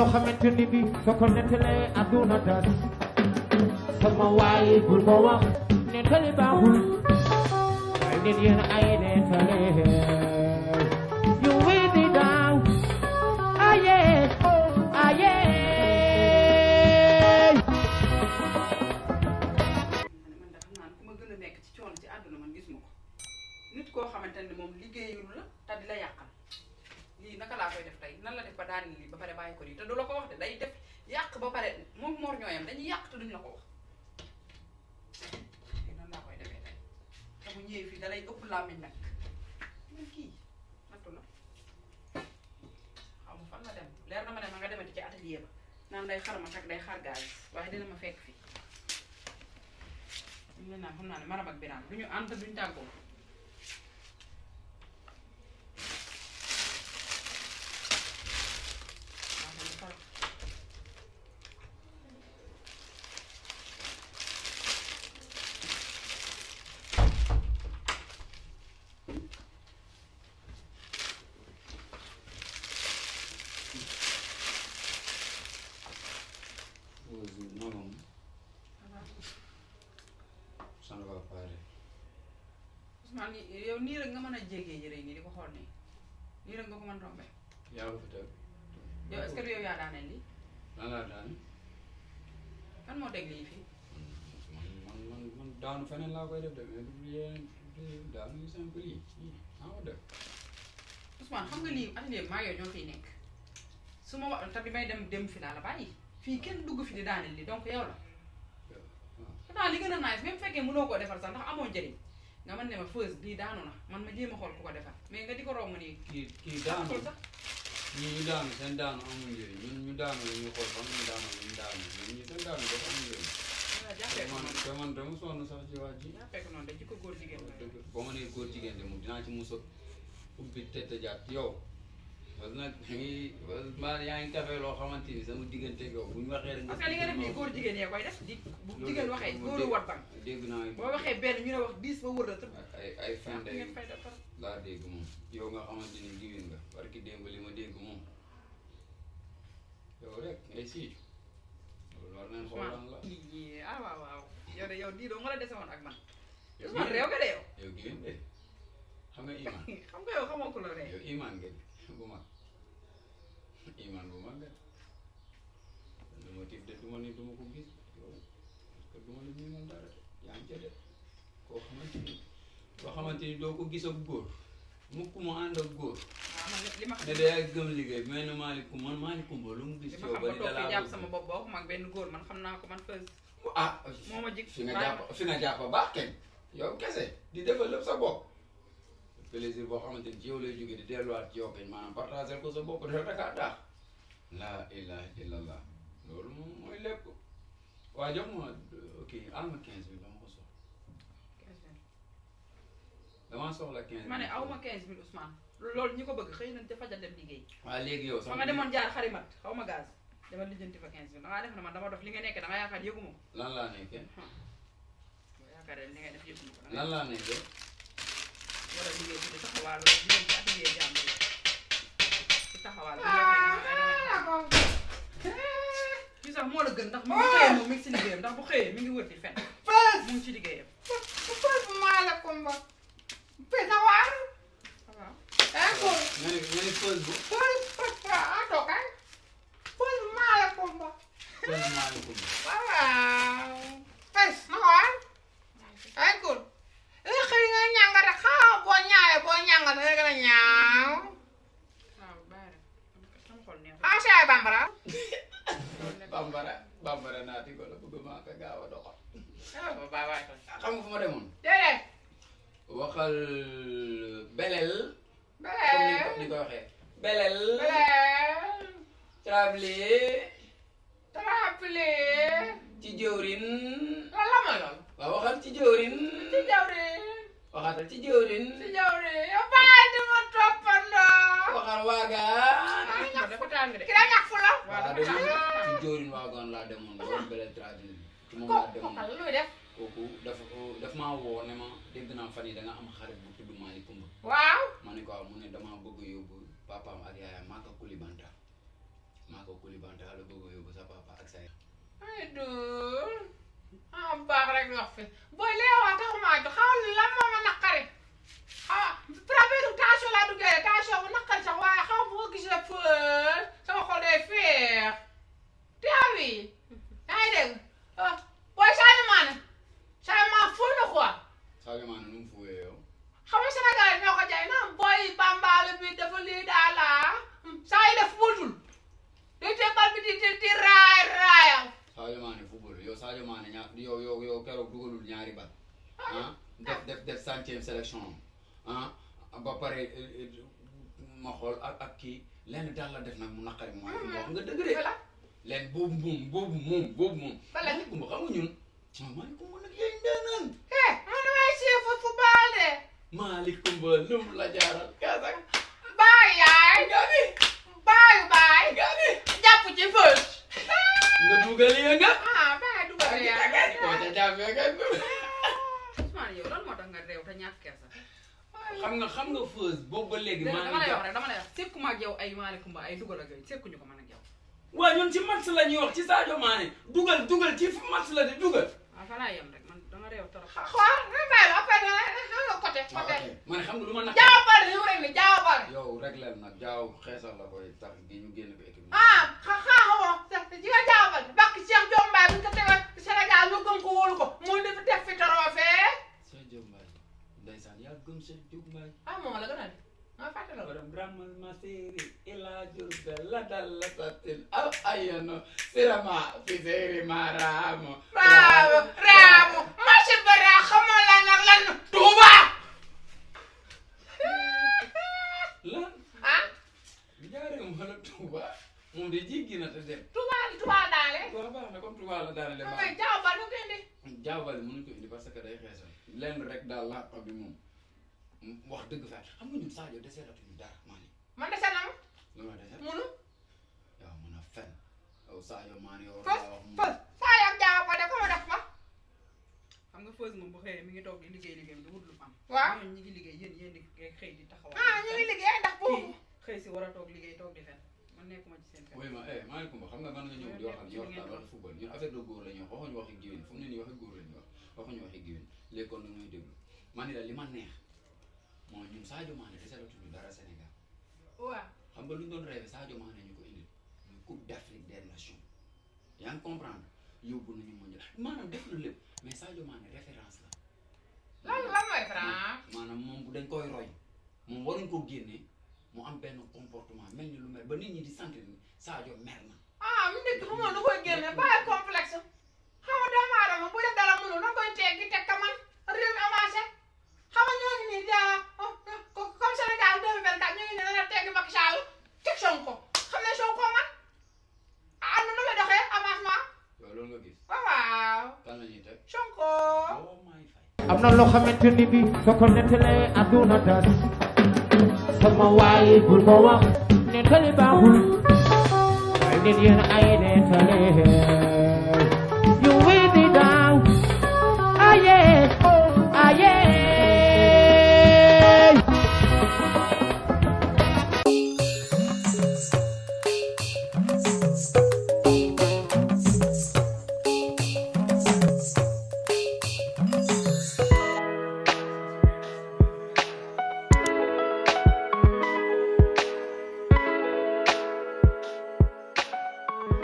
loo xamante ni bi soo ko nettalee àdduna tas sama waay bul ko wax nettali baaxul waaye nit yéen ay nettali laa def tey nan la def ba daani lii ba pare bàyyi ko nii te du la ko wax de day def yàq ba pare moom moor ñooyam dañu yàq te duñ la ko wax te nan laa koy defee tey te bu ñëwee fii dalay ëpp làmmiñ nag man kii nattu la xaw ma fan dem leer na ma ne ma nga ci atelier ba naan day xar ma tak day xar gaay waaye dina ma fekk fii ñu ne naan xam naa ne maram ak biraam du ñu ànd duñ tàggoo sonn ba pare. Ousmane yow nii rek nga mën a jéggi yére yi nii ko xool nii nii rek nga ko mën rombe. yaa ko fi teg. yow est-ce que yow yaa daaneel daan. kan moo teg lii fii. man man man daanu laa koy def de mais du yéen daanu simple yi naa ko def. Ousmane xam nga lii atelier maa yow ñoo fiy dem fi laa la bàyyi fii kenn dugg fi di daaneel lii donc yow la. pourtant li gën a nice même fekkee mënoo koo defar sax ndax amoo njëriñ nga mën ne ma feuse bii daanu na man ma jéem a xool ku ko defar mais nga di ko romb nii. kii kii daanu sax ñi ñu daanu seen daanu amul njëriñ ñun ñu daanu la ñuy xool fan ñu daanu la ñu daanu ñun ñu seen daanu dafa amul njëriñ. waaw ah, jàppee ko noonu te man dama sonn sax ci waa ji. jàppee ko noonu dañ ci ko góor jigéen la. ba ma nee góor jigéen de moom dinaa ci mos a ubbi tete jaat yow parce que nag yaa ngi café loo xamante ni sama diggante ak yow bu ñu waxee rek. parce que li nga def nii góor jigéen yee koy def di bu jigéen waxee góoru war ban. dégg naa boo waxee benn ñu ne wax dix ba wër la tëb. ay ay fin ah, de laa dégg moom. yow nga xamante ni giwin nga barki war nañ xoolaan la ah waaw yow de yow nii doo ma la dese woon ak man. a man réew nga de yow. yow giwin de xam nga iman. xam nga yow xamoo ko la yow iman iman bu mag lu ma tiif de du ma ne ko gis yow parce que du ma ne ñu mën dara yaa ngi ko gis ak góor mukk mu ànd ak góor. Ah, ne day ak gëm liggéey mais ne maalikum man maalikum ba lu mu gis. yow ba di dalaa ko jàpp sama bopp boo xam ak benn góor man xam naa ko man fës. ah moo ma jig fi nga jàpp fi nga jàpp baax kenn yow kese di defal lépp sa bopp. plaisir boo xamante ni ci yow lay jógee di delluwaat ci yow kenn maanaam partagé ko sa bopp dafa takaa daax. laa ilaha illallah loolu moom mooy lépp waaye jox ma ok alma quinze mille dama ko soxla. quinze mille. damaa soxla quinze mille. ma ne aw ma quinze mille Ousmane. loolu ñi ko bëgg xëy na dafa dem liggéey. waaw léegi yow. sama nga demoon jaar xarimat xaw ma gaz. dama lijjanti fa quinze mille da ngaa def na man dama dof li nga nekk da nga yaakaar yëgu ma ko. lan laa nekkee. Hmm. boo yaakaaree li nga def yëgu ma ko. lan laa nekkee. war a liggéey ci taxawaal loolu liggéey ci atelier jàmbur ci taxawaal. kii sax moo la gën ndax mu ngi ah! xëyee moom mi ngi si liggéeyam ndax bu xëyee mi ngi wër di fen mu ngi ci liggéeyam Pes maa la kumba Pes a waar ah, waaw yaa ngi ko nga ne nga ne Pes bu Pes Pes a ah, toog Pes maa la kumba Pes maa la kumba waaw bambara. bambara bambara naa di ko la bëgg maa ko gaaw a doxal. Ah, ah, xam nga fu ma demoon. waxal belel. belel comme ni ko waxee. belel. belel. ma lool. waxal ci jëwrin. waxal ci jëwrin. ci di ma toppandoo. waxal waaga. ki laa demoon ci Diorin waagoon laa demoon loolu bële traduire ci moom laa demoon kooku dafa daf maa woo ne ma dégg naa fan yi da am xarit bu tudd Malick Coumba. waaw ma ne ko waaw mu ne damaa bëgg yóbbu papaam ak yaayam Maka Koulibanta Maka Koulibanta la bëgg yóbbu sa papa ak sa yaay. ay du ah baax rek wax fi. ñaari bal ah def def def centième sélection am ah ba pare eh, eh, ma xool ak ak kii lenn daal la def nag mu naqari mooy mm-hmm. wax nga dëgg de lenn boobu moom boobu moom boobu moom bala kumba xam nga ñun Malick Coumba nag yéen ndeenaan eh man de Malick Coumba lum la jaaral gasak baay yaay gani baayu baay gani jàpp ci fël nga dugal nga xam nga xam nga Feuz boobu ba léegi. maa ngi dama lay wax rek dama lay wax sekku ma ak yow ay Mané Koumba ay dugal ak yooyu sekkuñu ko man ak yow. waaw ñun ci match la ñuy wax ci Sadio Mané dugal dugal ci match la di dugal. waaw ah, fa laa yem rek man dama réew trop. Ah, xool rëbbay la affaire yi xam nga côté. côté man xam nga lu ma naka. jaaw bari li mu réew mi jaaw bari. yow rek leen nag jaaw xeesal la koy tax gi ñu génn ko équipe. ah xa xaaxoo sax ji nga jaaw bari bakk Cheikh Diombaye bu ñu ko tegal Sénégal ñu gëm ko wóolu ko mu def fi trophée yaa gëm sa jubbaay. ah moom la gën a ne ma fàtte la. borom ramal ma séeri ila Jurbel la dal la sattil al ayano sirama fi séeri ma raamu. raamu raamu ma si bara xamoo lan ak lan tuuba. lan. ah. jaaree wala tuuba moom de jiggi na te dem. tuuba tuuba daale. tuuba baax na comme tuuba la daale. mais jaaw ba nu ko indi. jaaw ba mënuñu ko indi parce que day xeesal lenn rek daal laa xam bi moom. wax dëgg fa xam nga ñun Sadio desee latuñu dara Mané. man dese ma. ma dese. munu. yow mën a fen. yow Sadio Mané yow. fës fës Sadio ak Diao ko def ko ma. xam nga fës moom bu xëyee mi ngi toog di liggéey liggéeyam di wut lu am. waaw ñoom ñi ngi liggéey yéen yéen di xëy di taxawal. ah ñu ngi liggéey ndax boobu. xëy si war a toog liggéey toog di fen. man nekkuma ci seen kër. oui ma eh maa ngi kumba xam nga man nga ñëw di wax ak yow daal wax football ñun affaire de góor la wax waxuñu waxi géwél fu mu ne nii waxi la nu muy déglu man ni mooy ñun Sadio Mané desalatuñu dara Sénégal. waaw xam nga lu ñu doon rêvé Sadio Mané ñu ko indil. muy coupe d' Afrique des nations. yaa ngi comprendre yóbbu nañu mondial maanaam def na lépp mais Sadio Mané référence la. lan lan mooy référence. maanaam moom dañ koy roy moom waruñ ko génne mu am benn comportement mel ni lu mel ba nit ñi di sentir ni Sadio mer na. ah mu nekk moom da koy génne bàyyi complexe. am na loo xamante ni bi soo ko nettalee àdduna tas sama waay bul ko wax nettali baaxul waaye nit yéen ay nettali